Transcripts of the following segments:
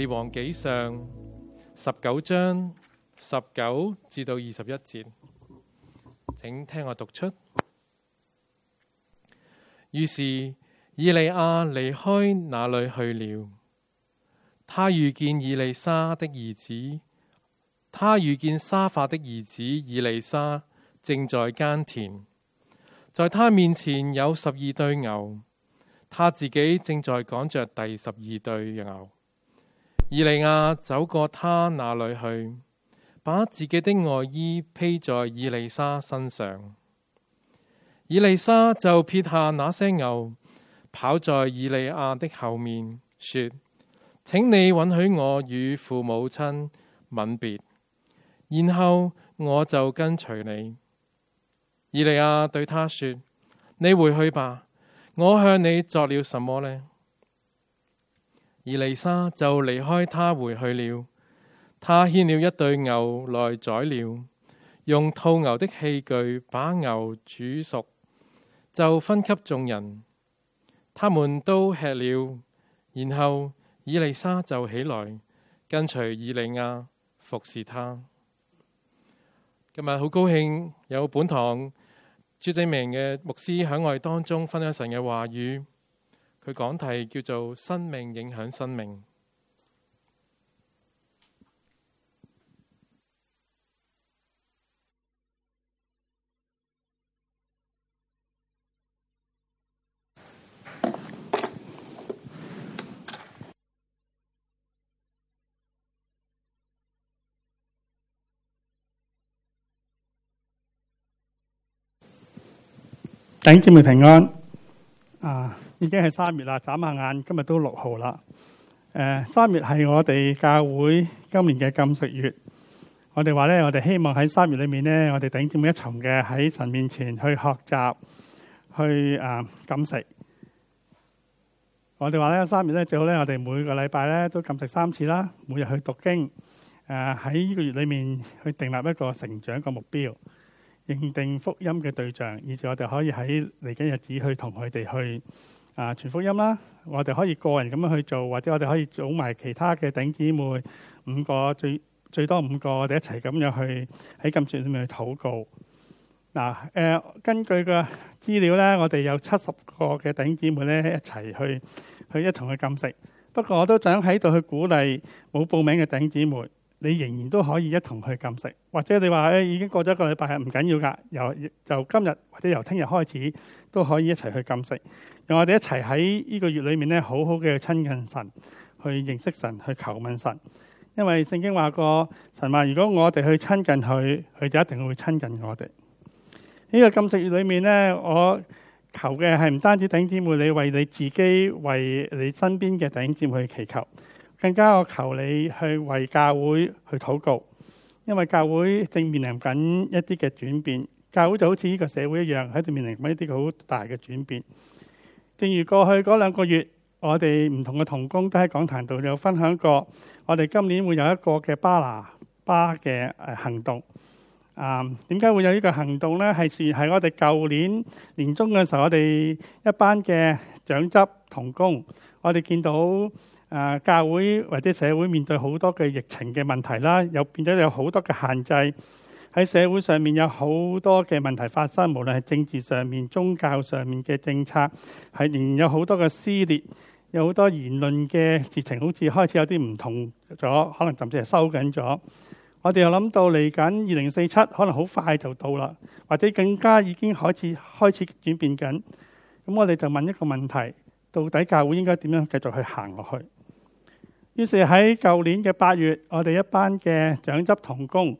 列王紀上十九章十九至到二十一節，請聽我讀出。於是以利亞離開那裏去了。他遇見以利沙的兒子，他遇見沙法的兒子以利沙，正在耕田，在他面前有十二對牛，他自己正在趕着第十二對牛。以利亞走過他那裏去，把自己的外衣披在以利沙身上。以利沙就撇下那些牛，跑在以利亞的後面，說：請你允許我與父母親吻別，然後我就跟隨你。以利亞對他說：你回去吧，我向你作了什麼呢？以利沙就離開他回去了。他牽了一對牛來宰了，用套牛的器具把牛煮熟，就分給眾人。他們都吃了，然後以利沙就起來跟隨以利亞服侍他。今日好高興有本堂朱正明嘅牧師喺我哋當中分享神嘅話語。佢講題叫做生命影響生命，等住佢睇啱。已經係三月啦，眨下眼今日都六號啦。誒、呃，三月係我哋教會今年嘅禁食月。我哋話咧，我哋希望喺三月裏面呢，我哋頂住每一層嘅喺神面前去學習，去誒禁、呃、食。我哋話咧，三月咧最好咧，我哋每個禮拜咧都禁食三次啦。每日去讀經誒，喺、呃、呢個月裏面去訂立一個成長一個目標，認定福音嘅對象，以至我哋可以喺嚟緊日子去同佢哋去。啊！傳福音啦！我哋可以個人咁樣去做，或者我哋可以組埋其他嘅頂姊妹五個，最最多五個我、啊呃，我哋一齊咁樣去喺禁食裏面去禱告。嗱，誒根據個資料咧，我哋有七十個嘅頂姊妹咧一齊去去一同去禁食。不過我都想喺度去鼓勵冇報名嘅頂姊妹。你仍然都可以一同去禁食，或者你話誒、哎、已經過咗一個禮拜係唔緊要噶由就今日或者由聽日開始都可以一齊去禁食，讓我哋一齊喺呢個月裏面咧好好嘅親近神，去認識神，去求問神。因為聖經話過神話，如果我哋去親近佢，佢就一定會親近我哋。呢、這個禁食月裏面咧，我求嘅係唔單止頂姊妹，你為你自己，為你身邊嘅頂姊妹去祈求。更加我求你去為教會去禱告，因為教會正面臨緊一啲嘅轉變，教會就好似呢個社會一樣喺度面臨緊一啲好大嘅轉變，正如過去嗰兩個月，我哋唔同嘅同工都喺講壇度有分享過，我哋今年會有一個嘅巴拿巴嘅誒行動。啊！點解會有呢個行動呢？係算係我哋舊年年中嘅時候，我哋一班嘅長執同工，我哋見到啊、呃，教會或者社會面對好多嘅疫情嘅問題啦，又變咗有好多嘅限制，喺社會上面有好多嘅問題發生。無論係政治上面、宗教上面嘅政策，係仍然有好多嘅撕裂，有好多言論嘅事情，好似開始有啲唔同咗，可能甚至係收緊咗。我哋又諗到嚟緊二零四七，可能好快就到啦，或者更加已經開始開始轉變緊。咁我哋就問一個問題：到底教會應該點樣繼續去行落去？於是喺舊年嘅八月，我哋一班嘅長執同工，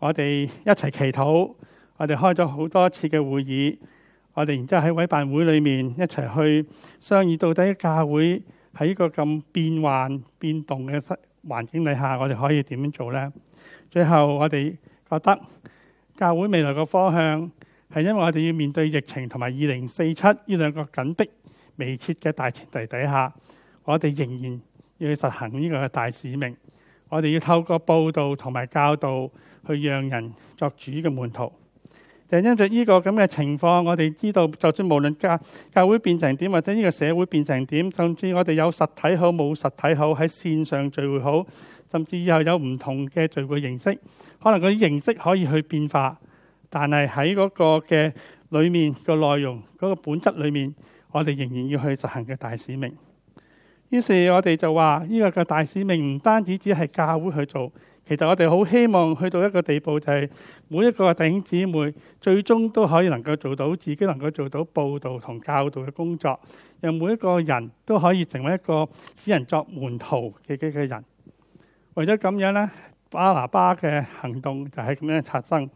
我哋一齊祈禱，我哋開咗好多次嘅會議，我哋然之後喺委辦會裏面一齊去商議，到底教會喺個咁變幻變動嘅環境底下，我哋可以點樣做呢？最後我哋覺得教會未來嘅方向係，因為我哋要面對疫情同埋二零四七呢兩個緊迫、未撤嘅大前提底下，我哋仍然要實行呢個大使命。我哋要透過布道同埋教導去讓人作主嘅門徒。就因着呢個咁嘅情況，我哋知道就算無論教教會變成點，或者呢個社會變成點，甚至我哋有實體好冇實體好喺綫上聚會好。甚至以後有唔同嘅聚會形式，可能啲形式可以去變化，但係喺嗰嘅裏面個內容、嗰個本質裏面，我哋仍然要去實行嘅大使命。於是我們就說，我哋就話呢個嘅大使命唔單止只係教會去做，其實我哋好希望去到一個地步，就係每一個弟兄姊妹最終都可以能夠做到自己能夠做到佈道同教導嘅工作，讓每一個人都可以成為一個使人作門徒嘅嘅人。為咗咁樣咧，巴拿巴嘅行動就係咁樣產生。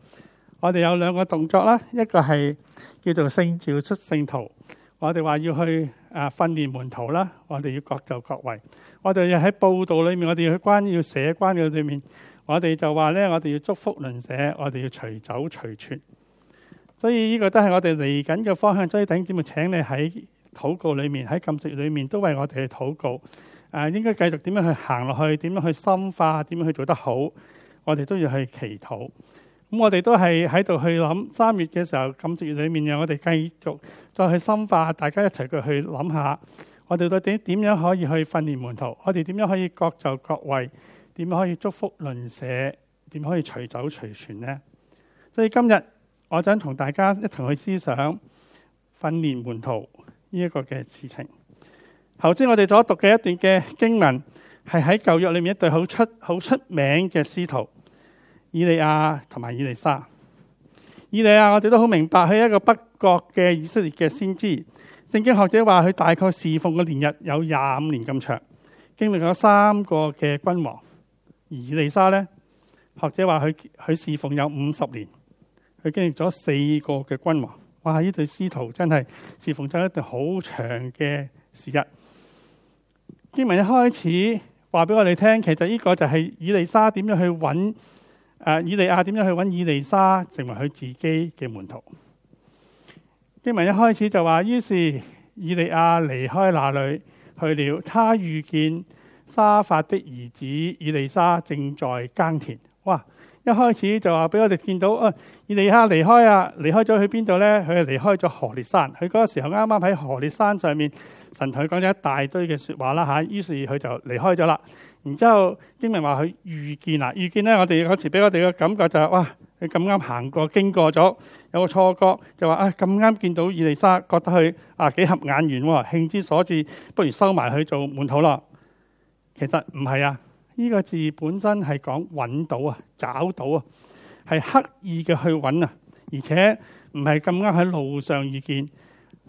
我哋有兩個動作啦，一個係叫做聖召出聖徒。我哋話要去啊、呃、訓練門徒啦，我哋要各就各位。我哋要喺報道裏面，我哋去關要寫關嘅裏面，我哋就話咧，我哋要祝福鄰舍，我哋要隨走隨傳。所以呢個都係我哋嚟緊嘅方向。所以弟兄姊妹，請你喺禱告裏面，喺禁食裏面，都為我哋去禱告。誒應該繼續點樣去行落去？點樣去深化？點樣去做得好？我哋都要去祈禱。咁我哋都係喺度去諗三月嘅時候，感謝月裏面，讓我哋繼續再去深化。大家一齊去去諗下，我哋到底點樣可以去訓練門徒？我哋點樣可以各就各位？點樣可以祝福鄰舍？點樣可以隨走隨傳呢？所以今日我想同大家一齊去思想訓練門徒呢一個嘅事情。頭先我哋所讀嘅一段嘅經文，係喺舊約裏面一對好出好出名嘅師徒，以利亞同埋以利沙。以利亞我哋都好明白，佢係一個北國嘅以色列嘅先知。聖經學者話佢大概侍奉嘅年日有廿五年咁長，經歷咗三個嘅君王。而以利沙呢，學者話佢佢侍奉有五十年，佢經歷咗四個嘅君王。哇！呢對師徒真係侍奉咗一對好長嘅時日。經文一開始話俾我哋聽，其實呢個就係以利沙點樣去揾，誒、啊，以利亞點樣去揾以利沙成為佢自己嘅門徒。經文一開始就話，於是以利亞離開那裏去了，他遇見沙法的兒子以利沙正在耕田。哇！一開始就話俾我哋見到啊，以利亞離開啊，離開咗去邊度呢？佢係離開咗何烈山，佢嗰個時候啱啱喺何烈山上面。神同佢講咗一大堆嘅説話啦嚇，於是佢就離開咗啦。然之後明說他，經文話佢遇見啦，遇見咧，我哋好似俾我哋嘅感覺就係，是，哇，佢咁啱行過經過咗，有個錯覺就話啊，咁，哎，啱見到以利沙，覺得佢啊幾合眼緣喎，興之所至，不如收埋去做門徒啦。其實唔係啊，呢、這個字本身係講揾到啊，找到啊，係刻意嘅去揾啊，而且唔係咁啱喺路上遇見。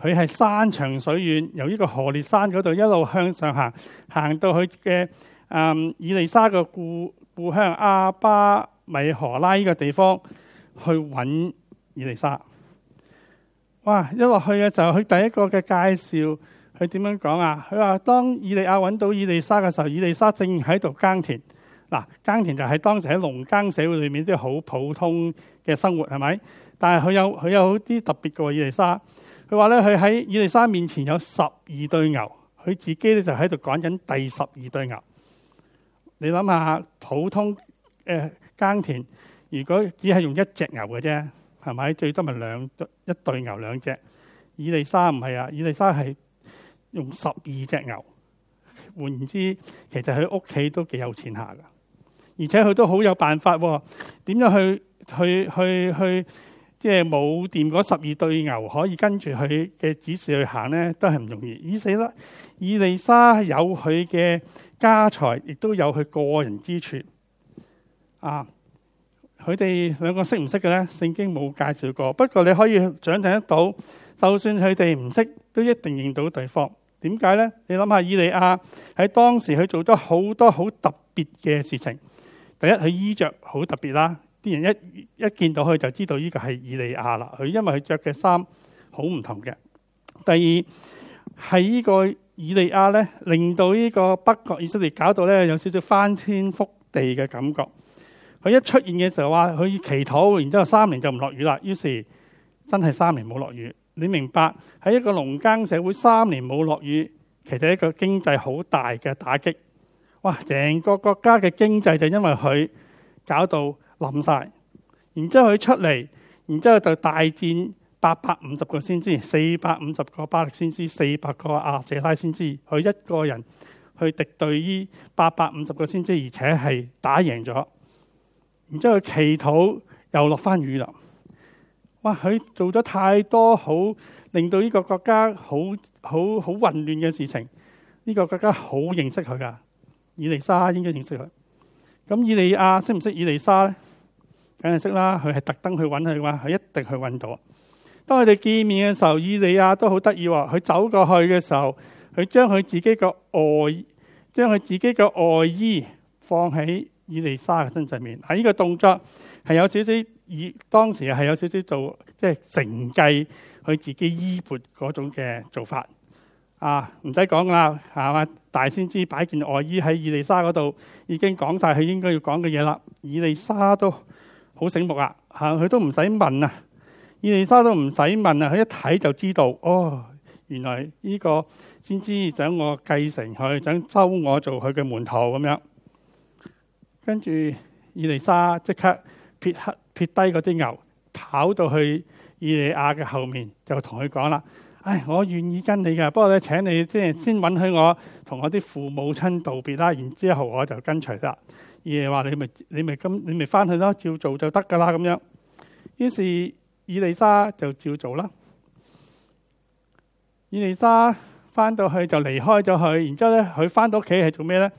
佢係山長水遠，由呢個何烈山嗰度一路向上行，行到佢嘅嗯以利沙嘅故故鄉亞伯米何拉呢個地方去揾以利沙。哇！一落去嘅就佢第一個嘅介紹，佢點樣講啊？佢話當以利亞揾到以利沙嘅時候，以利沙正喺度耕田嗱、啊。耕田就係當時喺農耕社會裏面，即係好普通嘅生活係咪？但係佢有佢有啲特別嘅以利沙。佢話咧，佢喺以利沙面前有十二對牛，佢自己咧就喺度趕緊第十二對牛。你諗下，普通誒、呃、耕田，如果只係用一隻牛嘅啫，係咪最多咪兩一對牛兩隻？以利沙唔係啊，以利沙係用十二隻牛。換言之，其實佢屋企都幾有錢下噶，而且佢都好有辦法喎、啊，點樣去去去去？去去即係冇掂嗰十二對牛可以跟住佢嘅指示去行呢，都係唔容易。二死啦，以利沙有佢嘅家財，亦都有佢個人之處。啊，佢哋兩個識唔識嘅呢？聖經冇介紹過。不過你可以想象得到，就算佢哋唔識，都一定認到對方。點解呢？你諗下，以利亞喺當時佢做咗好多好特別嘅事情。第一，佢衣着好特別啦。啲人一一見到佢就知道呢個係以利亞啦。佢因為佢着嘅衫好唔同嘅。第二係呢個以利亞呢，令到呢個北國以色列搞到呢有少少翻天覆地嘅感覺。佢一出現嘅時候話佢祈禱，然之後三年就唔落雨啦。於是真係三年冇落雨。你明白喺一個農耕社會三年冇落雨，其實一個經濟好大嘅打擊。哇！成個國家嘅經濟就因為佢搞到。諗晒，然之後佢出嚟，然之後就大戰八百五十個先知，四百五十個巴力先知，四百個阿、啊、舍拉先知，佢一個人去敵對於八百五十個先知，而且係打贏咗。然之後佢祈禱又落翻雨林。哇！佢做咗太多好令到呢個國家好好好混亂嘅事情，呢、這個國家好認識佢噶，以利沙應該認識佢。咁以利亞識唔識以利沙呢？梗係識啦，佢係特登去揾佢嘅話，佢一定去揾到。當佢哋見面嘅時候，以利亞都好得意喎。佢走過去嘅時候，佢將佢自己嘅外，將佢自己嘅外衣放喺以利沙嘅身上面。喺、這、呢個動作係有少少以當時係有少少做即係、就是、承繼佢自己衣缽嗰種嘅做法。啊，唔使講啦，係嘛大先知擺件外衣喺以利沙嗰度，已經講晒，佢應該要講嘅嘢啦。以利沙都。好醒目啊！嚇，佢都唔使問啊，伊麗莎都唔使問啊，佢一睇就知道，哦，原來呢個先知想我繼承佢，想收我做佢嘅門徒咁樣。跟住伊麗莎即刻撇黑撇低嗰啲牛，跑到去伊利亞嘅後面，就同佢講啦：唉、哎，我願意跟你嘅，不過咧請你即係先允許我同我啲父母親道別啦，然之後我就跟隨啦。耶話，你咪你咪咁，你咪翻去咯，照做就得噶啦咁樣。於是以利沙就照做啦。以利沙翻到去就離開咗佢，然之後咧佢翻到屋企係做咩咧？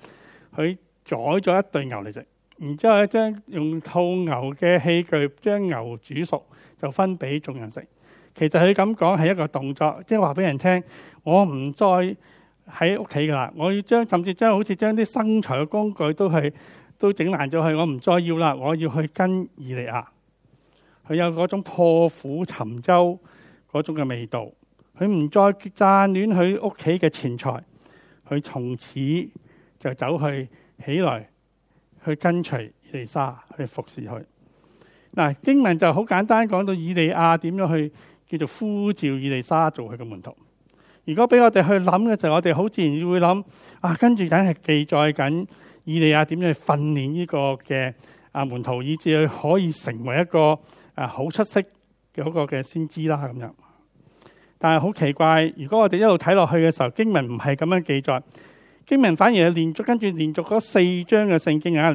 佢宰咗一對牛嚟食，然之後咧，將用套牛嘅器具將牛煮熟，就分俾眾人食。其實佢咁講係一個動作，即係話俾人聽：我唔再喺屋企噶啦，我要將甚至將好似將啲生財嘅工具都係。都整爛咗，佢，我唔再要啦！我要去跟以利亞，佢有嗰種破釜沉舟嗰種嘅味道。佢唔再眷戀佢屋企嘅錢財，佢從此就走去起來，去跟隨以利沙，去服侍佢。嗱經文就好簡單講到以利亞點樣去叫做呼召以利沙做佢嘅門徒。如果俾我哋去諗嘅就係，我哋好自然會諗啊，跟住梗係記載緊。以利亞點樣去訓練呢個嘅啊門徒，以致佢可以成為一個啊好出色嘅嗰個嘅先知啦咁樣。但係好奇怪，如果我哋一路睇落去嘅時候，經文唔係咁樣記載，經文反而係連續跟住連續嗰四章嘅聖經啊，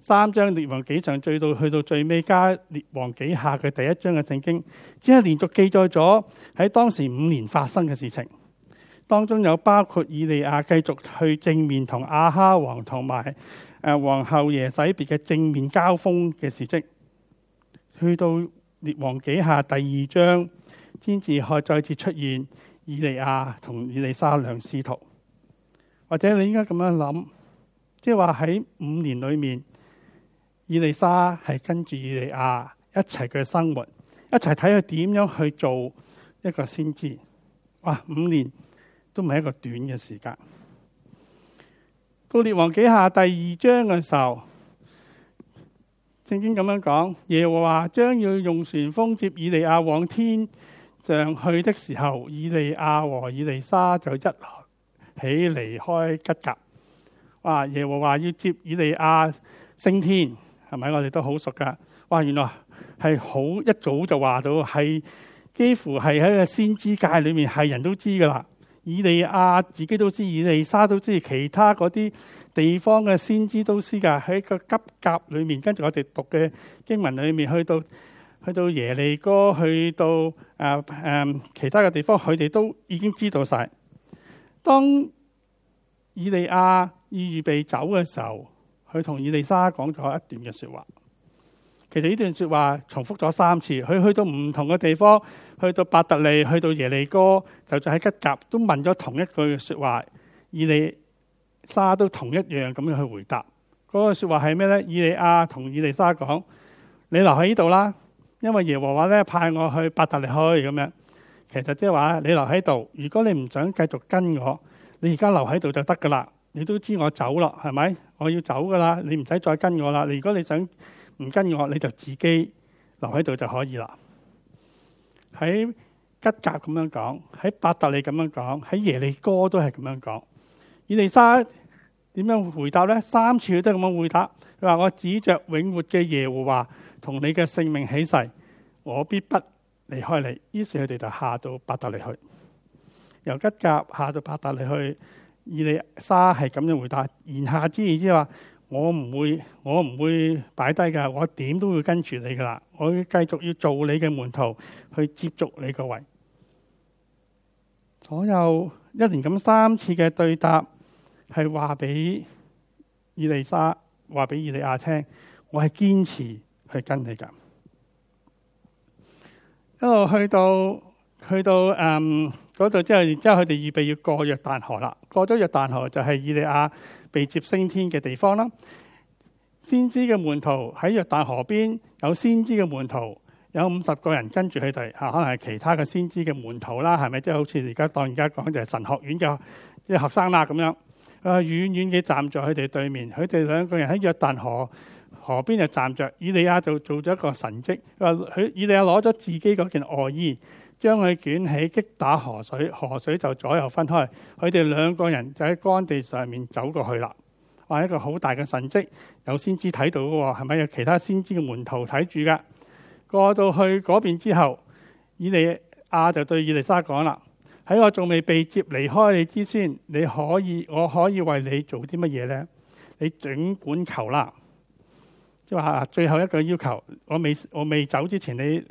三章列王紀上，最到去到最尾加列王紀下嘅第一章嘅聖經，只係連續記載咗喺當時五年發生嘅事情。當中有包括以利亞繼續去正面同亞哈王同埋誒皇后耶洗別嘅正面交鋒嘅事蹟，去到列王紀下第二章先至可再次出現以利亞同以利沙兩師徒。或者你應該咁樣諗，即係話喺五年裏面，以利沙係跟住以利亞一齊嘅生活，一齊睇佢點樣去做一個先知。哇！五年。都唔係一個短嘅時間。《列王記下》第二章嘅時候，聖經咁樣講：耶和華將要用旋風接以利亞往天上去的時候，以利亞和以利沙就一起離開吉甲。哇！耶和華要接以利亞升天，係咪？我哋都好熟噶。哇！原來係好一早就話到是，係幾乎係喺個先知界裏面係人都知噶啦。以利亞自己都知，以利沙都知，其他嗰啲地方嘅先知都知㗎。喺個吉甲裏面，跟住我哋讀嘅經文裏面，去到去到耶利哥，去到、呃呃、其他嘅地方，佢哋都已經知道晒。當以利亞已預備走嘅時候，佢同以利沙講咗一段嘅說話。其實呢段說話重複咗三次。佢去到唔同嘅地方。去到伯特利，去到耶利哥，就在喺吉甲都問咗同一句説話，以利沙都同一樣咁樣去回答。嗰、那個説話係咩呢？以利亞同以利沙講：你留喺呢度啦，因為耶和華咧派我去伯特利去咁樣。其實即係話你留喺度，如果你唔想繼續跟我，你而家留喺度就得噶啦。你都知道我走咯，係咪？我要走噶啦，你唔使再跟我啦。如果你想唔跟我，你就自己留喺度就可以啦。喺吉甲咁樣講，喺伯特利咁樣講，喺耶利哥都係咁樣講。以利沙點樣回答呢？三次佢都咁樣回答。佢話：我指着永活嘅耶和華同你嘅性命起誓，我必不離開你。於是佢哋就下到伯特利去，由吉甲下到伯特利去。以利沙係咁樣回答。言下之意即係話。我唔會，我唔會擺低噶，我點都會跟住你噶啦，我繼續要做你嘅門徒，去接觸你個位。左右一連咁三次嘅對答，係話俾以利沙話俾以利亞聽，我係堅持去跟你噶。一路去到，去到嗯。嗰度之後，然之後佢哋預備要過約旦河啦。過咗約旦河就係以利亞被接升天嘅地方啦。先知嘅門徒喺約旦河邊有先知嘅門、啊、門徒，有五十個人跟住佢哋。嚇、就是，可能係其他嘅先知嘅門徒啦，係咪？即係好似而家當而家講就係神學院嘅學、就是、學生啦咁樣。啊，遠遠嘅站在佢哋對面，佢哋兩個人喺約旦河河邊就站着。以利亞就做咗一個神蹟。佢話佢以利亞攞咗自己嗰件外衣。將佢捲起，擊打河水，河水就左右分開。佢哋兩個人就喺乾地上面走過去啦。話一個好大嘅神跡，有先知睇到嘅喎，係咪有其他先知嘅門徒睇住㗎？過到去嗰邊之後，以利亞就對以利沙講啦：喺我仲未被接離開你之前，你可以我可以為你做啲乜嘢呢？你儘管求啦。即係話最後一個要求，我未我未走之前，你。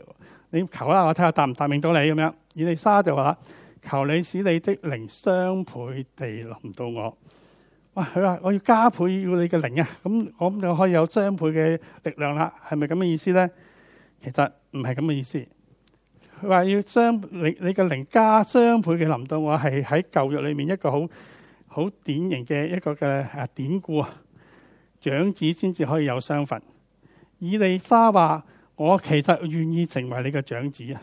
你求啦，我睇下答唔答應到你咁樣。以利沙就話：求你使你的靈雙倍地臨到我。哇！佢話我要加倍要你嘅靈啊，咁我咁就可以有雙倍嘅力量啦。係咪咁嘅意思咧？其實唔係咁嘅意思。佢話要雙你你嘅靈加雙倍嘅臨到我，係喺舊約裏面一個好好典型嘅一個嘅啊典故啊。長子先至可以有雙份。以利沙話。我其實願意成為你嘅長子啊，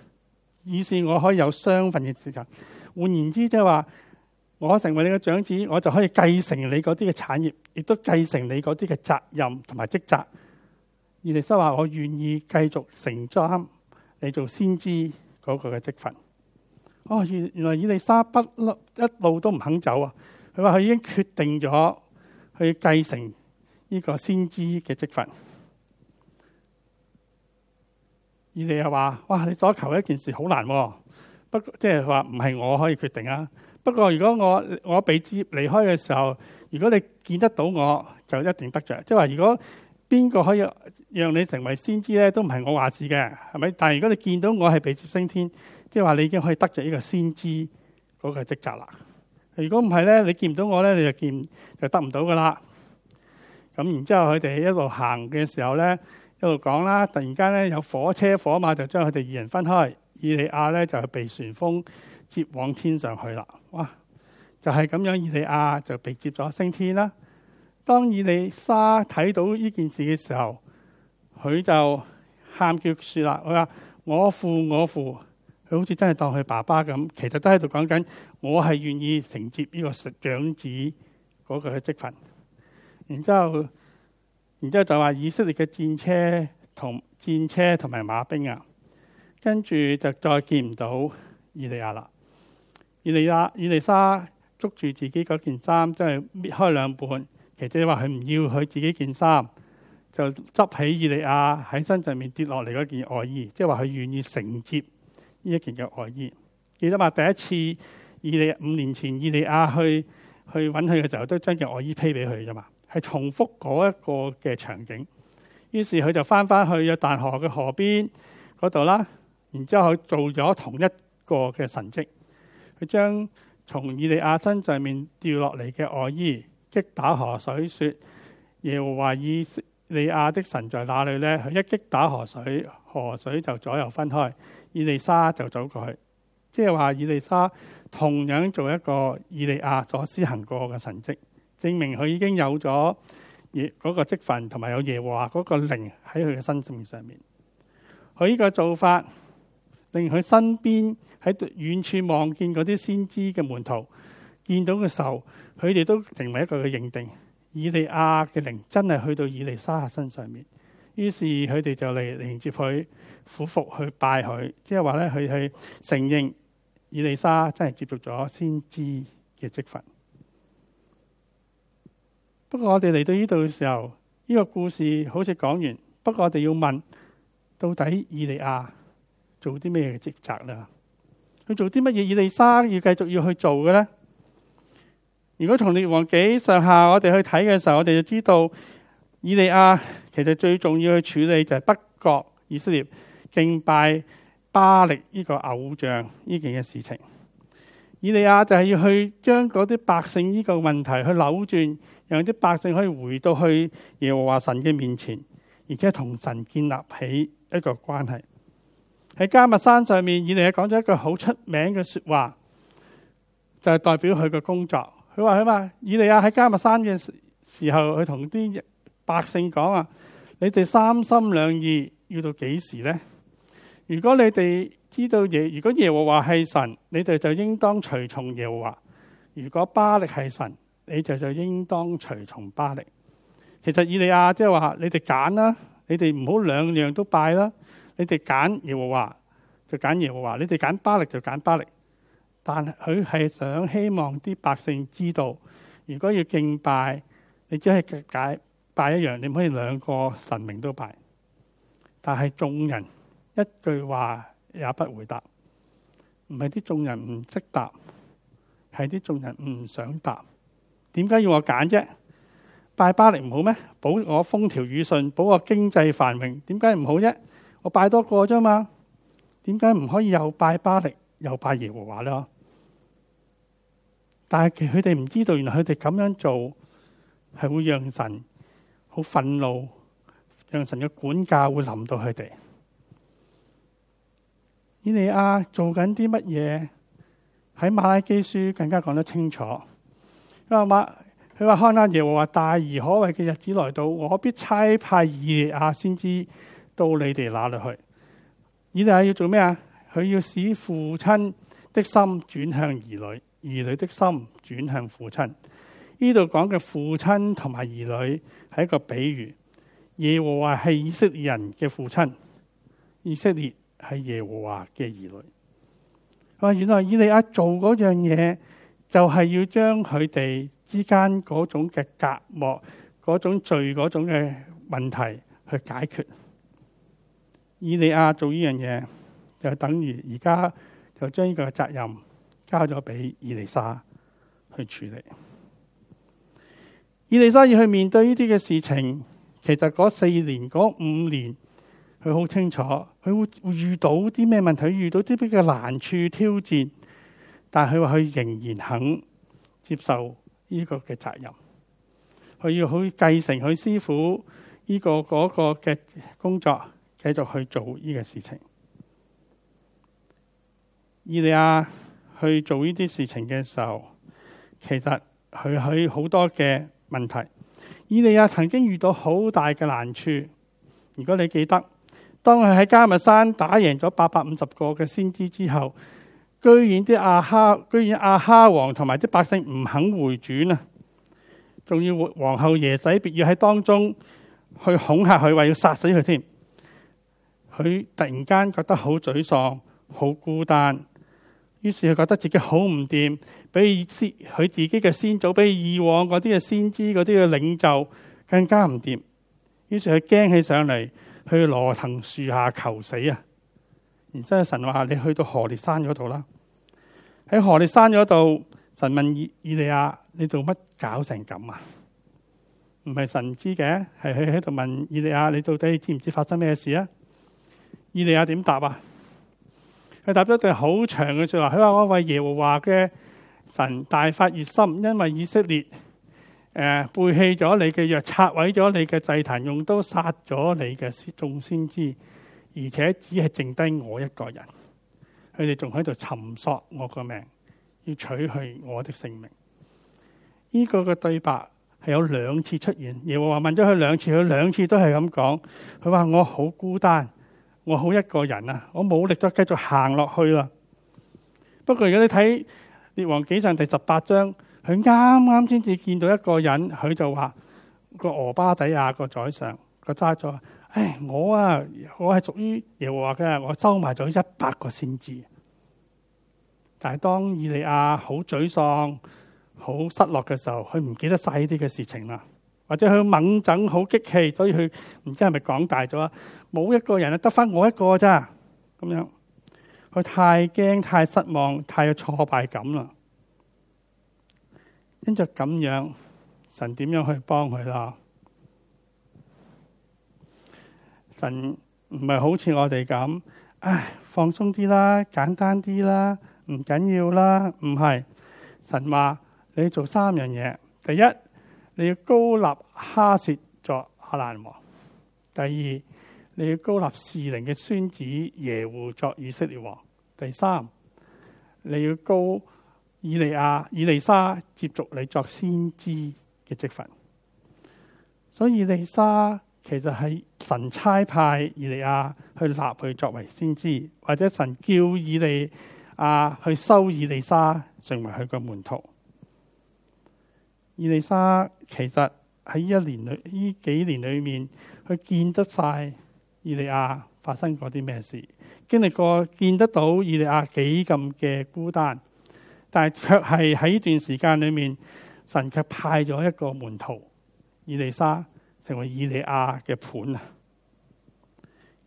於是我可以有雙份嘅資格。換言之說，即係話我成為你嘅長子，我就可以繼承你嗰啲嘅產業，亦都繼承你嗰啲嘅責任同埋職責。以利沙話，我願意繼續承擔你做先知嗰個嘅職分。哦，原原來以利沙一不一路都唔肯走啊！佢話佢已經決定咗去繼承呢個先知嘅職分。而你又話：，哇！你所求一件事好難、啊，不即係話唔係我可以決定啊。不過如果我我俾接離開嘅時候，如果你見得到我就一定得着。即係話，如果邊個可以讓你成為先知咧，都唔係我話事嘅，係咪？但係如果你見到我係俾接升天，即係話你已經可以得着呢個先知嗰個職責啦。如果唔係咧，你見唔到我咧，你就見就得唔到噶啦。咁然之後，佢哋一路行嘅時候咧。一路講啦，突然間咧有火車火馬就將佢哋二人分開，以利亞咧就被旋風接往天上去啦。哇！就係咁樣，以利亞就被接咗升天啦。當以利沙睇到呢件事嘅時候，佢就喊叫住啦，佢話：我父，我父！佢好似真係當佢爸爸咁，其實都喺度講緊我係願意承接呢個長子嗰個嘅職分。然之後。然之後就話以色列嘅戰車同戰車同埋馬兵啊，跟住就再見唔到以利亞啦。以利亞、以利沙捉住自己嗰件衫，即係搣開兩半。其實你話佢唔要佢自己件衫，就執起以利亞喺身上面跌落嚟嗰件外衣，即係話佢願意承接呢一件嘅外衣。記得嘛？第一次以利亞五年前以利亞去去揾佢嘅時候，都將件外衣披俾佢啫嘛。係重複嗰一個嘅場景，於是佢就翻返去約旦河嘅河邊嗰度啦，然之後他做咗同一個嘅神蹟，佢將從以利亞身上面掉落嚟嘅外衣擊打河水，說耶和華以利亞的神在哪裏呢？佢一擊打河水，河水就左右分開，以利沙就走過去，即係話以利沙同樣做一個以利亞所施行過嘅神蹟。證明佢已經有咗耶嗰個積分，同埋有耶和華嗰個靈喺佢嘅身上面。佢呢個做法令佢身邊喺遠處望見嗰啲先知嘅門徒見到嘅時候，佢哋都成為一個嘅認定。以利亞嘅靈真係去到以利沙嘅身上面，於是佢哋就嚟迎接佢俯伏去拜佢，即係話咧佢去承認以利沙真係接觸咗先知嘅積分。不過我哋嚟到呢度嘅時候，呢個故事好似講完。不過我哋要問，到底以利亞做啲咩嘅職責呢？去做啲乜嘢？以利沙要繼續要去做嘅呢？如果從列王紀上下我哋去睇嘅時候，我哋就知道，以利亞其實最重要去處理就係北國以色列敬拜巴力呢個偶像呢件嘅事情。以利亞就係要去將嗰啲百姓呢個問題去扭轉。讓啲百姓可以回到去耶和華神嘅面前，而且同神建立起一個關係。喺迦密山上面，以利亞講咗一句好出名嘅說話，就係代表佢嘅工作。佢話佢嘛，以利亞喺迦密山嘅時候，佢同啲百姓講啊：你哋三心兩意要到幾時呢？如果你哋知道耶，如果耶和華係神，你哋就應當隨從耶和華；如果巴力係神，你就就應當隨從巴力。其實以利亞即係話：你哋揀啦，你哋唔好兩樣都拜啦。你哋揀耶和華就揀耶和華，你哋揀巴力就揀巴力。但係佢係想希望啲百姓知道，如果要敬拜，你只係解拜一樣，你唔可以兩個神明都拜。但係眾人一句話也不回答，唔係啲眾人唔識答，係啲眾人唔想答。點解要我揀啫？拜巴力唔好咩？保我風調雨順，保我經濟繁榮，點解唔好啫？我拜多個啫嘛。點解唔可以又拜巴力又拜耶和華呢？但係佢哋唔知道，原來佢哋咁樣做係會讓神好憤怒，讓神嘅管教會臨到佢哋。以利亞做緊啲乜嘢？喺馬拉基書更加講得清楚。佢話，看啊，耶和華大而可畏嘅日子來到，我必差派以利亞先知到你哋那裏去。以利亞要做咩啊？佢要使父親的心轉向兒女，兒女的心轉向父親。呢度講嘅父親同埋兒女係一個比喻，耶和華係以色列人嘅父親，以色列係耶和華嘅兒女。佢話原來以利亞做嗰樣嘢。就係要將佢哋之間嗰種嘅隔膜、嗰種罪、嗰種嘅問題去解決。以利亞做呢樣嘢，就等於而家就將呢個責任交咗俾以利沙去處理。以利沙要去面對呢啲嘅事情，其實嗰四年、嗰五年，佢好清楚，佢會遇到啲咩問題，遇到啲比較難處挑戰。但係佢話佢仍然肯接受呢個嘅責任，佢要去繼承佢師父呢個嗰個嘅工作，繼續去做呢個事情。以利亞去做呢啲事情嘅時候，其實佢喺好多嘅問題。以利亞曾經遇到好大嘅難處，如果你記得，當佢喺迦密山打贏咗八百五十個嘅先知之後。居然啲亞哈，居然亞哈王同埋啲百姓唔肯回轉啊！仲要皇后耶洗別要喺當中去恐嚇佢，話要殺死佢添。佢突然間覺得好沮喪，好孤單，於是佢覺得自己好唔掂，比佢自己嘅先祖，比以往嗰啲嘅先知嗰啲嘅領袖更加唔掂。於是佢驚起上嚟，去羅騰樹下求死啊！然之後神話，你去到何烈山嗰度啦。喺何烈山嗰度，神問以以利亞：你做乜搞成咁啊？唔係神不知嘅，係佢喺度問以利亞：你到底知唔知發生咩事啊？以利亞點答啊？佢答咗一句好長嘅説話。佢話：我為耶和華嘅神大發熱心，因為以色列誒背棄咗你嘅約，拆毀咗你嘅祭壇，用刀殺咗你嘅眾先知。而且只係剩低我一個人，佢哋仲喺度尋索我個命，要取去我的性命。呢個嘅對白係有兩次出現，耶和華問咗佢兩次，佢兩次都係咁講，佢話我好孤單，我好一個人啊，我冇力再繼續行落去啦。不過如果你睇《列王紀上》第十八章，佢啱啱先至見到一個人，佢就話個俄巴底亞個宰相個揸咗。」唉，我啊，我係屬於耶和華嘅，我收埋咗一百個先知。但係當以利亞好沮喪、好失落嘅時候，佢唔記得晒呢啲嘅事情啦，或者佢猛整好激氣，所以佢唔知係咪講大咗啊？冇一個人啊，得翻我一個咋？咁樣，佢太驚、太失望、太有挫敗感啦。跟住咁樣，神點樣去幫佢啦？神唔係好似我哋咁，唉，放鬆啲啦，簡單啲啦，唔緊要啦，唔係，神話你要做三樣嘢。第一，你要膏立哈薛作亞蘭王；第二，你要膏立士靈嘅孫子耶戶作以色列王；第三，你要膏以利亞、以利沙接續你作先知嘅職分。所以以利沙其實係。神差派以利亞去立佢作為先知，或者神叫以利亞去收以利沙成為佢個門徒。以利沙其實喺一年裏、呢幾年裏面，佢見得晒以利亞發生過啲咩事，經歷過、見得到以利亞幾咁嘅孤單，但係卻係喺呢段時間裏面，神卻派咗一個門徒以利沙。成為以利亞嘅盤啊！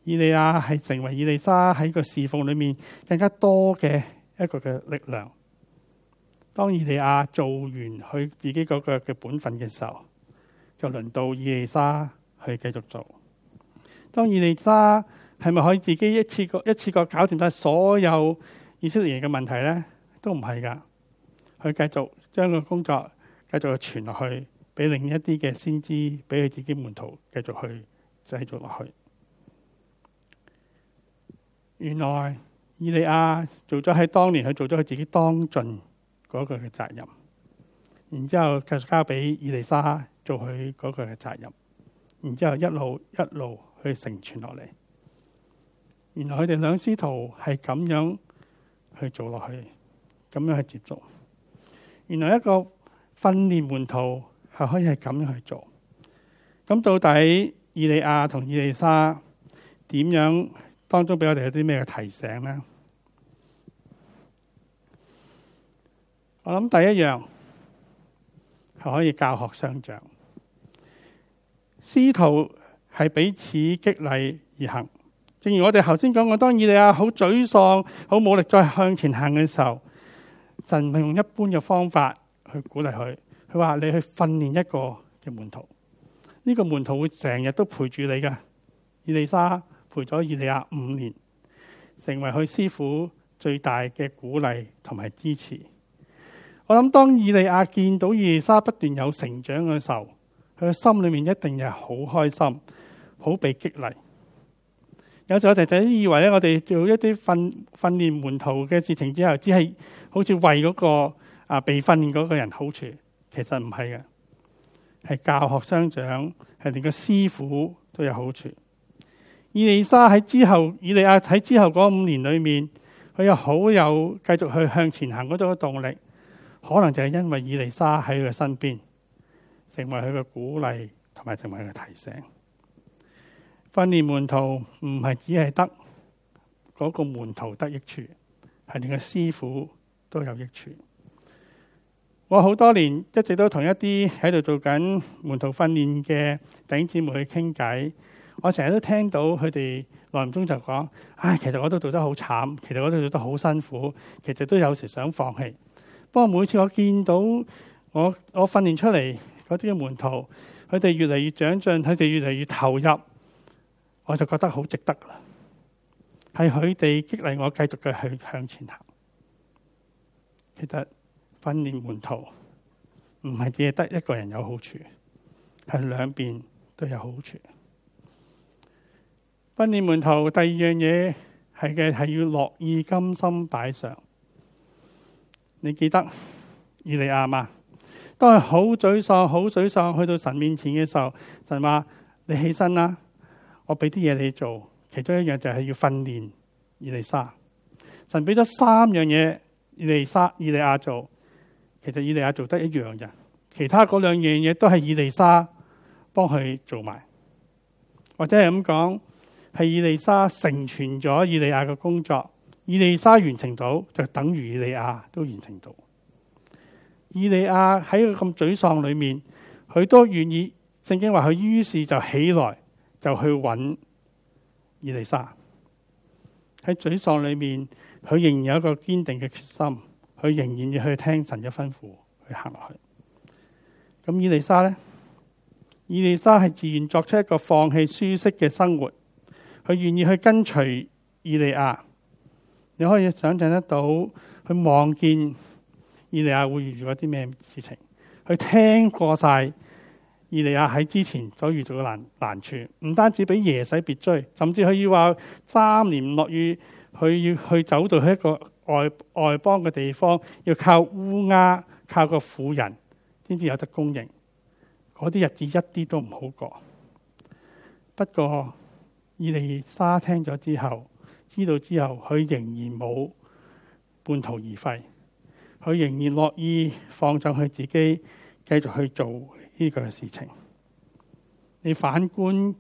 以利亞係成為以利沙喺個侍奉裏面更加多嘅一個嘅力量。當以利亞做完佢自己嗰個嘅本分嘅時候，就輪到以利沙去繼續做。當以利沙係咪可以自己一次過一次過搞掂晒所有以色列人嘅問題呢？都唔係噶，佢繼續將個工作繼續去傳落去。俾另一啲嘅先知，俾佢自己的門徒繼續去繼續落去。原來以利亞做咗喺當年佢做咗佢自己當盡嗰個嘅責任，然之後繼續交俾以利沙做佢嗰個嘅責任，然之後一路一路去成全落嚟。原來佢哋兩師徒係咁樣去做落去，咁樣去接觸。原來一個訓練門徒。係可以係咁樣去做，咁到底以利亞同以利沙點樣當中俾我哋有啲咩嘅提醒呢？我諗第一樣係可以教學相長，師徒係彼此激勵而行。正如我哋頭先講過，當以利亞好沮喪、好冇力再向前行嘅時候，神唔係用一般嘅方法去鼓勵佢。佢話：你去訓練一個嘅門徒，呢個門徒會成日都陪住你㗎。以利沙陪咗以利亞五年，成為佢師傅最大嘅鼓勵同埋支持。我諗當以利亞見到以利沙不斷有成長嘅時候，佢嘅心裏面一定係好開心，好被激勵。有時我哋都以為咧，我哋做一啲訓訓練門徒嘅事情之後，只係好似為嗰個啊被訓練嗰個人好處。其實唔係嘅，係教學相長，係連個師傅都有好處。以利沙喺之後，以利亞喺之後嗰五年裏面，佢有好有繼續去向前行嗰種嘅動力，可能就係因為以利沙喺佢身邊，成為佢嘅鼓勵，同埋成為佢嘅提醒。訓練門徒唔係只係得嗰個門徒得益處，係連個師傅都有益處。我好多年一直都同一啲喺度做緊門徒訓練嘅弟兄姐妹去傾偈，我成日都聽到佢哋，耐唔中就講，唉，其實我都做得好慘，其實我都做得好辛苦，其實都有時想放棄。不過每次我見到我我訓練出嚟嗰啲嘅門徒，佢哋越嚟越長進，佢哋越嚟越投入，我就覺得好值得啦。係佢哋激勵我繼續嘅去向前行。其實。訓練門徒唔係只得一個人有好處，係兩邊都有好處。訓練門徒第二樣嘢係嘅係要樂意甘心擺上。你記得以利亞嘛？當佢好沮喪、好沮喪去到神面前嘅時候，神話，你起身啦，我俾啲嘢你做。其中一樣就係要訓練以利沙。神俾咗三樣嘢以利沙、以利亞做。其實以利亞做得一樣咋，其他嗰兩樣嘢都係以利沙幫佢做埋，或者係咁講，係以利沙成全咗以利亞嘅工作，以利沙完成到就等於以利亞都完成到。以利亞喺佢咁沮喪裏面，佢都願意。聖經話佢於是就起來，就去揾以利沙。喺沮喪裏面，佢仍然有一個堅定嘅決心。佢仍然要去聽神嘅吩咐去行落去。咁以利沙咧，以利沙係自願作出一個放棄舒適嘅生活，佢願意去跟隨以利亞。你可以想象得到，去望見以利亞會遇到一啲咩事情，去聽過晒以利亞喺之前所遇到嘅難難處，唔單止俾耶洗別追，甚至佢要話三年唔落雨，佢要去走到一個。外外邦嘅地方要靠烏鴉，靠個婦人，先至有得供應。嗰啲日子一啲都唔好過。不過以利沙聽咗之後，知道之後，佢仍然冇半途而廢，佢仍然樂意放走佢自己，繼續去做呢個事情。你反觀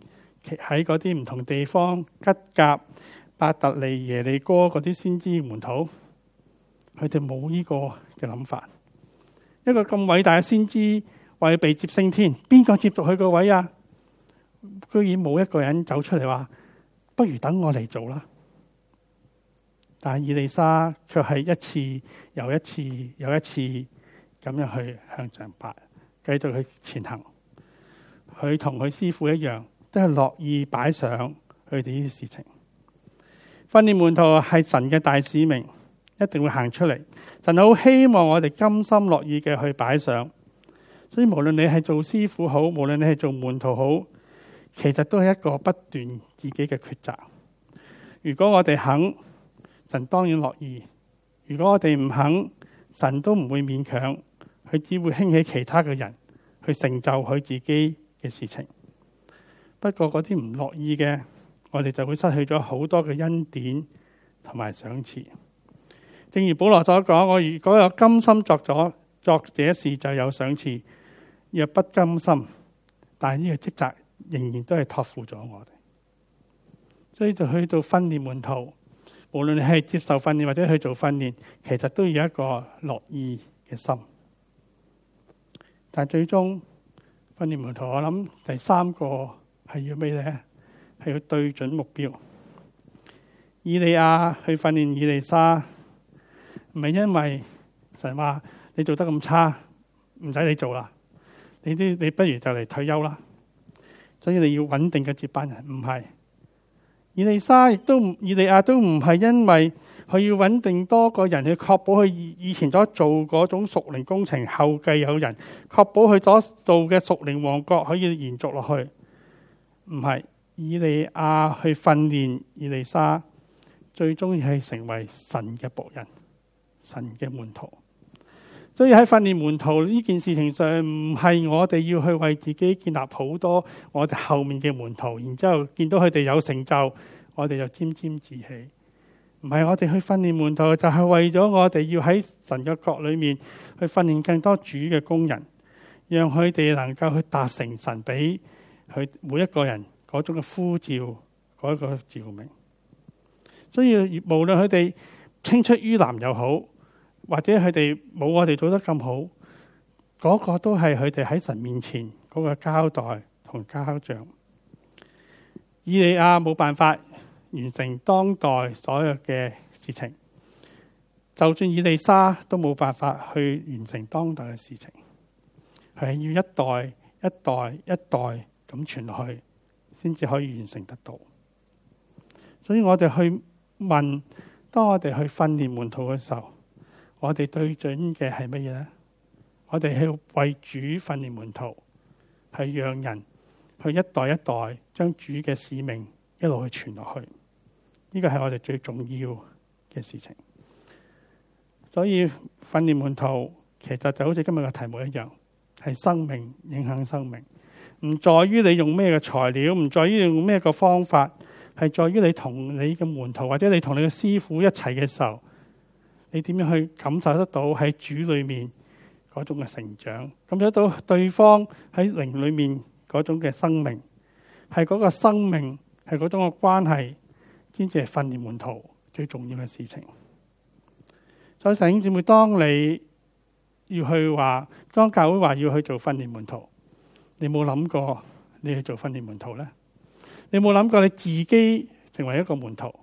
喺嗰啲唔同地方，吉甲。伯特利、耶利哥嗰啲先知門徒，佢哋冇呢個嘅諗法。一個咁偉大嘅先知為被接升天，邊個接續佢個位啊？居然冇一個人走出嚟，話，不如等我嚟做啦。但係以利沙卻係一次又一次又一次咁樣去向上爬，繼續去前行。佢同佢師傅一樣，都係樂意擺上佢哋呢啲事情。訓練門徒係神嘅大使命，一定會行出嚟。神好希望我哋甘心樂意嘅去擺上，所以無論你係做師傅好，無論你係做門徒好，其實都係一個不斷自己嘅抉擇。如果我哋肯，神當然樂意；如果我哋唔肯，神都唔會勉強，佢只會興起其他嘅人去成就佢自己嘅事情。不過嗰啲唔樂意嘅。我哋就會失去咗好多嘅恩典同埋賞賜。正如保羅所講，我如果有甘心作咗作者事，就有賞賜；若不甘心，但係呢個職責仍然都係託付咗我哋。所以就去到訓練門徒，無論係接受訓練或者去做訓練，其實都要一個樂意嘅心。但最終訓練門徒，我諗第三個係要咩呢？係去對準目標，以利亞去訓練以利沙，唔係因為神話你做得咁差，唔使你做啦，你啲你不如就嚟退休啦。所以你要穩定嘅接班人，唔係以利沙亦都，以利亞都唔係因為佢要穩定多個人去確保佢以前所做嗰種屬靈工程後繼有人，確保佢所做嘅屬靈王國可以延續落去，唔係。以利亞去訓練以利沙，最終係成為神嘅僕人、神嘅門徒。所以喺訓練門徒呢件事情上，唔係我哋要去為自己建立好多我哋後面嘅門徒，然之後見到佢哋有成就，我哋就沾沾自喜。唔係我哋去訓練門徒，就係為咗我哋要喺神嘅國裏面去訓練更多主嘅工人，讓佢哋能夠去達成神俾佢每一個人。嗰種嘅呼召，嗰、那、一個召命，所以無論佢哋青出於藍又好，或者佢哋冇我哋做得咁好，嗰、那個都係佢哋喺神面前嗰個交代同交賬。以利亞冇辦法完成當代所有嘅事情，就算以利沙都冇辦法去完成當代嘅事情，係要一代一代一代咁傳落去，先至可以完成得到，所以我哋去問，當我哋去訓練門徒嘅時候，我哋對準嘅係乜嘢呢？我哋要為主訓練門徒，係讓人去一代一代將主嘅使命一路去傳落去，呢個係我哋最重要嘅事情。所以訓練門徒其實就好似今日嘅題目一樣，係生命，影響生命。唔在於你用咩嘅材料，唔在於用咩嘅方法，係在於你同你嘅門徒或者你同你嘅師傅一齊嘅時候，你點樣去感受得到喺主裏面嗰種嘅成長，感受得到對方喺靈裏面嗰種嘅生命，係嗰個生命，係嗰種嘅關係，先至係訓練門徒最重要嘅事情。所以神兄姊妹，當你要去話，當教會話要去做訓練門徒。你冇諗過你去做訓練門徒呢？你冇諗過你自己成為一個門徒，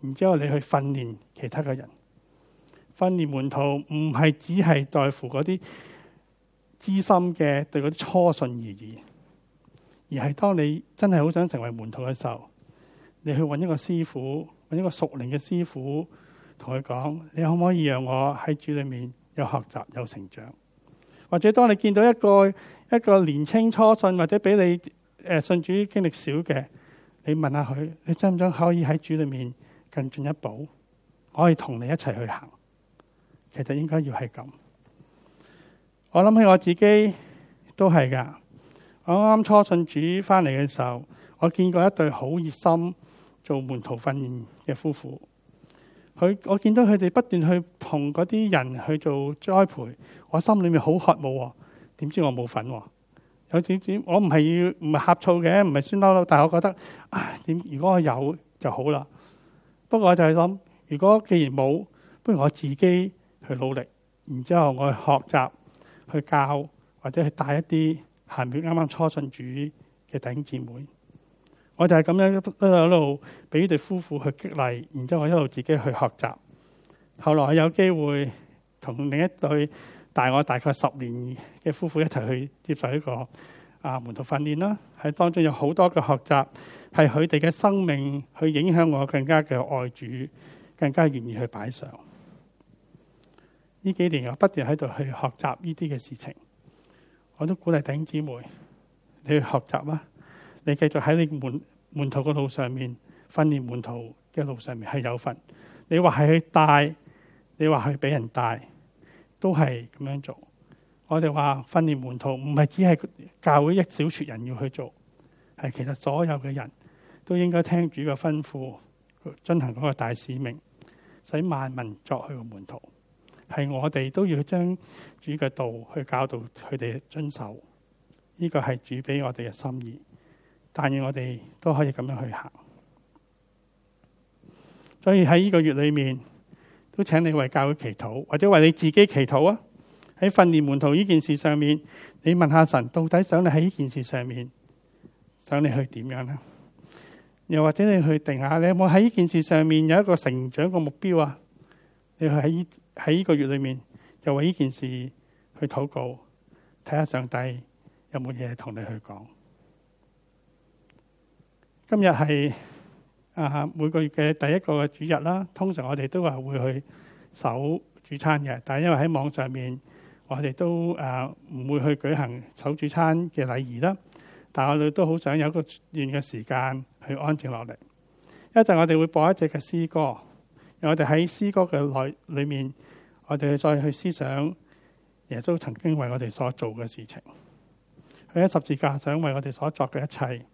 然之後你去訓練其他嘅人。訓練門徒唔係只係在乎嗰啲資深嘅對嗰啲初信而已，而係當你真係好想成為門徒嘅時候，你去揾一個師傅，揾一個熟齡嘅師傅，同佢講：你可唔可以讓我喺主裏面有學習有成長？或者當你見到一個一個年青初信或者比你誒、呃、信主經歷少嘅，你問下佢，你真唔真可以喺主裏面更進一步，我可以同你一齊去行？其實應該要係咁。我諗起我自己都係㗎。我啱啱初信主翻嚟嘅時候，我見過一對好熱心做門徒訓練嘅夫婦。佢我見到佢哋不斷去同嗰啲人去做栽培，我心裏面好渴慕喎。點知我冇份喎。有點點，我唔係要唔係呷醋嘅，唔係酸溜溜，但係我覺得唉，點？如果我有就好啦。不過我就係諗，如果既然冇，不如我自己去努力，然之後我去學習去教或者去帶一啲係咪啱啱初信主嘅弟兄姊妹？我就係咁樣一路俾呢對夫婦去激勵，然之後我一路自己去學習。後來我有機會同另一對大我大概十年嘅夫婦一齊去接受一個啊門徒訓練啦。喺當中有好多嘅學習，係佢哋嘅生命去影響我，更加嘅愛主，更加願意去擺上。呢幾年我不斷喺度去學習呢啲嘅事情，我都鼓勵弟兄姊妹，你去學習啦。你繼續喺你門徒嘅路上面，訓練門徒嘅路上面係有份。你話係去帶，你話去俾人帶，都係咁樣做。我哋話訓練門徒唔係只係教會一小撮人要去做，係其實所有嘅人都應該聽主嘅吩咐，進行嗰個大使命，使萬民作佢嘅門徒。係我哋都要將主嘅道去教導佢哋遵守。呢個係主俾我哋嘅心意。但願我哋都可以咁樣去行。所以喺呢個月裏面，都請你為教會祈禱，或者為你自己祈禱啊。喺訓練門徒呢件事上面，你問下神，到底想你喺呢件事上面，想你去點樣呢？」又或者你去定下你有冇喺呢件事上面有一個成長個目標啊。你去喺喺呢個月裏面，就為呢件事去禱告，睇下上帝有冇嘢同你去講。今日係啊，每個月嘅第一個嘅主日啦。通常我哋都係會去守主餐嘅，但係因為喺網上面，我哋都誒唔會去舉行守主餐嘅禮儀啦。但係我哋都好想有一個段嘅時間去安靜落嚟。一陣我哋會播一隻嘅詩歌，我哋喺詩歌嘅內裏面，我哋再去思想耶穌曾經為我哋所做嘅事情，佢喺十字架上為我哋所作嘅一切。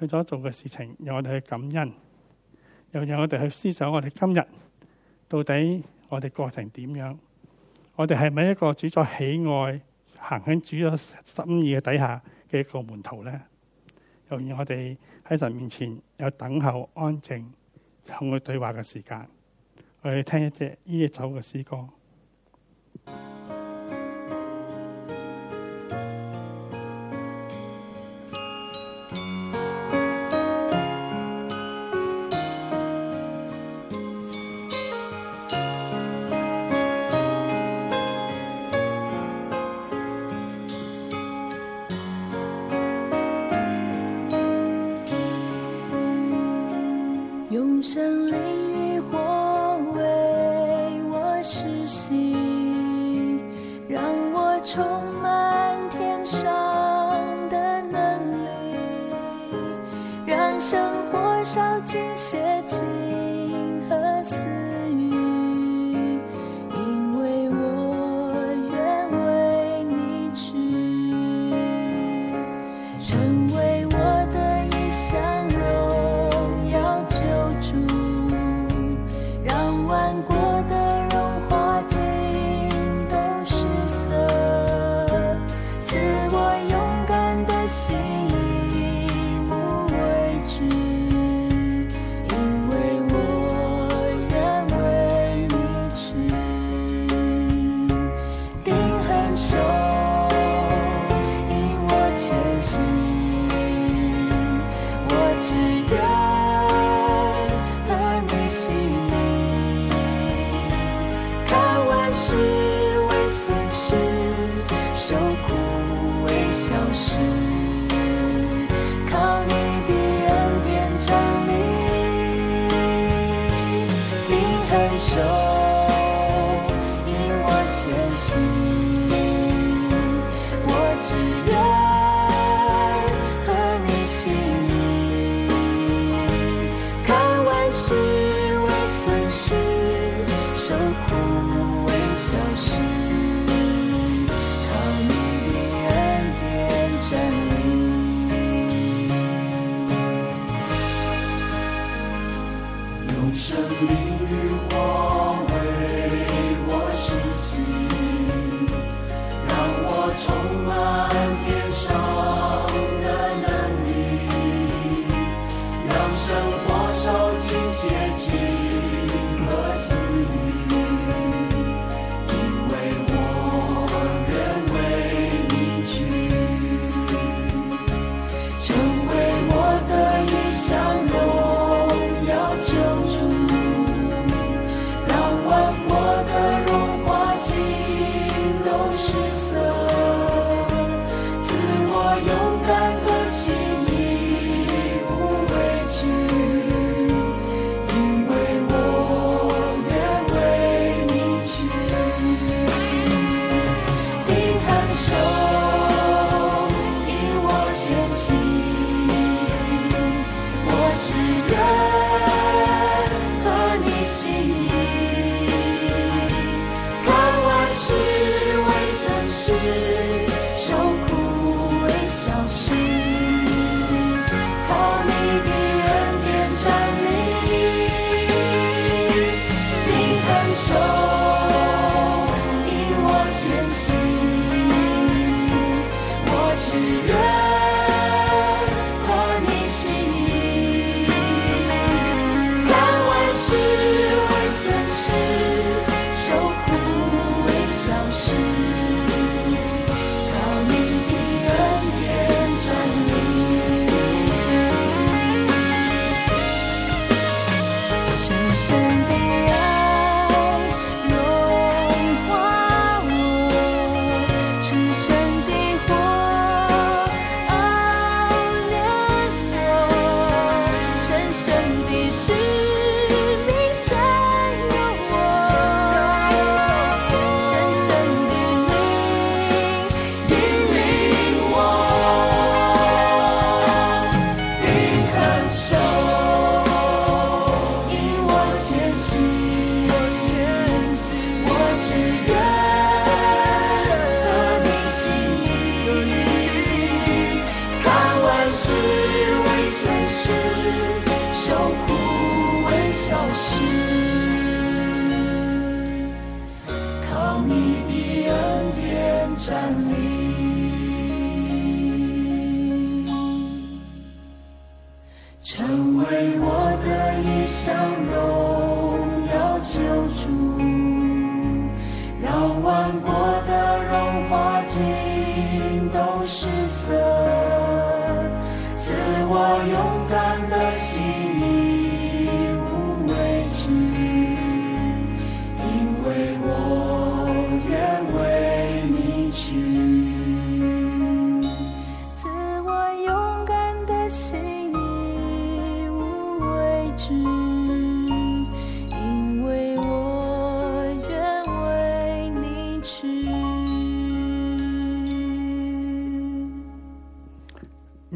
佢所做嘅事情，讓我哋去感恩，又讓我哋去思想我哋今日到底我哋過程點樣？我哋係咪一個主宰喜愛，行向主宰心意嘅底下嘅一個門徒咧？又讓我哋喺神面前有等候、安靜同佢對話嘅時間，去聽一隻呢一首嘅詩歌。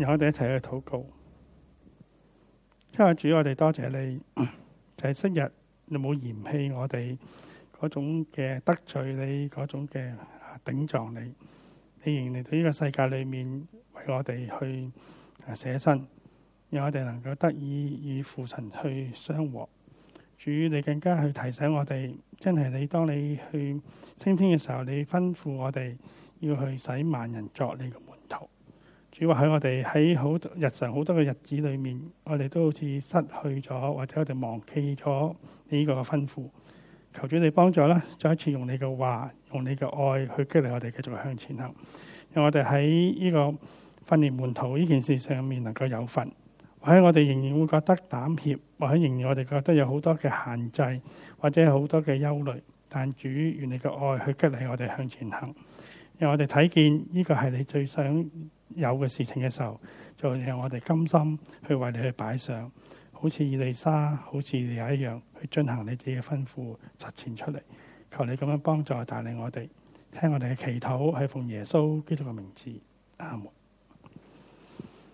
我哋一齊去禱告，因為主，我哋多謝，謝你，就係、是、昔日你冇嫌棄我哋嗰種嘅得罪你嗰種嘅頂撞你，你仍然嚟到呢個世界裏面為我哋去捨身，讓我哋能夠得以與父神去相和。主，你更加去提醒我哋，真係你當你去升天嘅時候，你吩咐我哋要去使萬人作你嘅主話喺我哋喺好日常好多嘅日子裏面，我哋都好似失去咗，或者我哋忘記咗你呢個嘅吩咐。求主你幫助啦，再一次用你嘅話，用你嘅愛去激勵我哋，繼續向前行。讓我哋喺呢個訓練門徒呢件事上面能夠有份，或者我哋仍然會覺得膽怯，或者仍然我哋覺得有好多嘅限制，或者好多嘅憂慮。但主的，願你嘅愛去激勵我哋向前行，讓我哋睇見呢個係你最想。有嘅事情嘅時候，就讓我哋甘心去為你去擺上，好似伊麗莎，好似你一樣，去進行你自己嘅吩咐，實踐出嚟。求你咁樣幫助帶領我哋，聽我哋嘅祈禱，係奉耶穌基督嘅名字，阿門。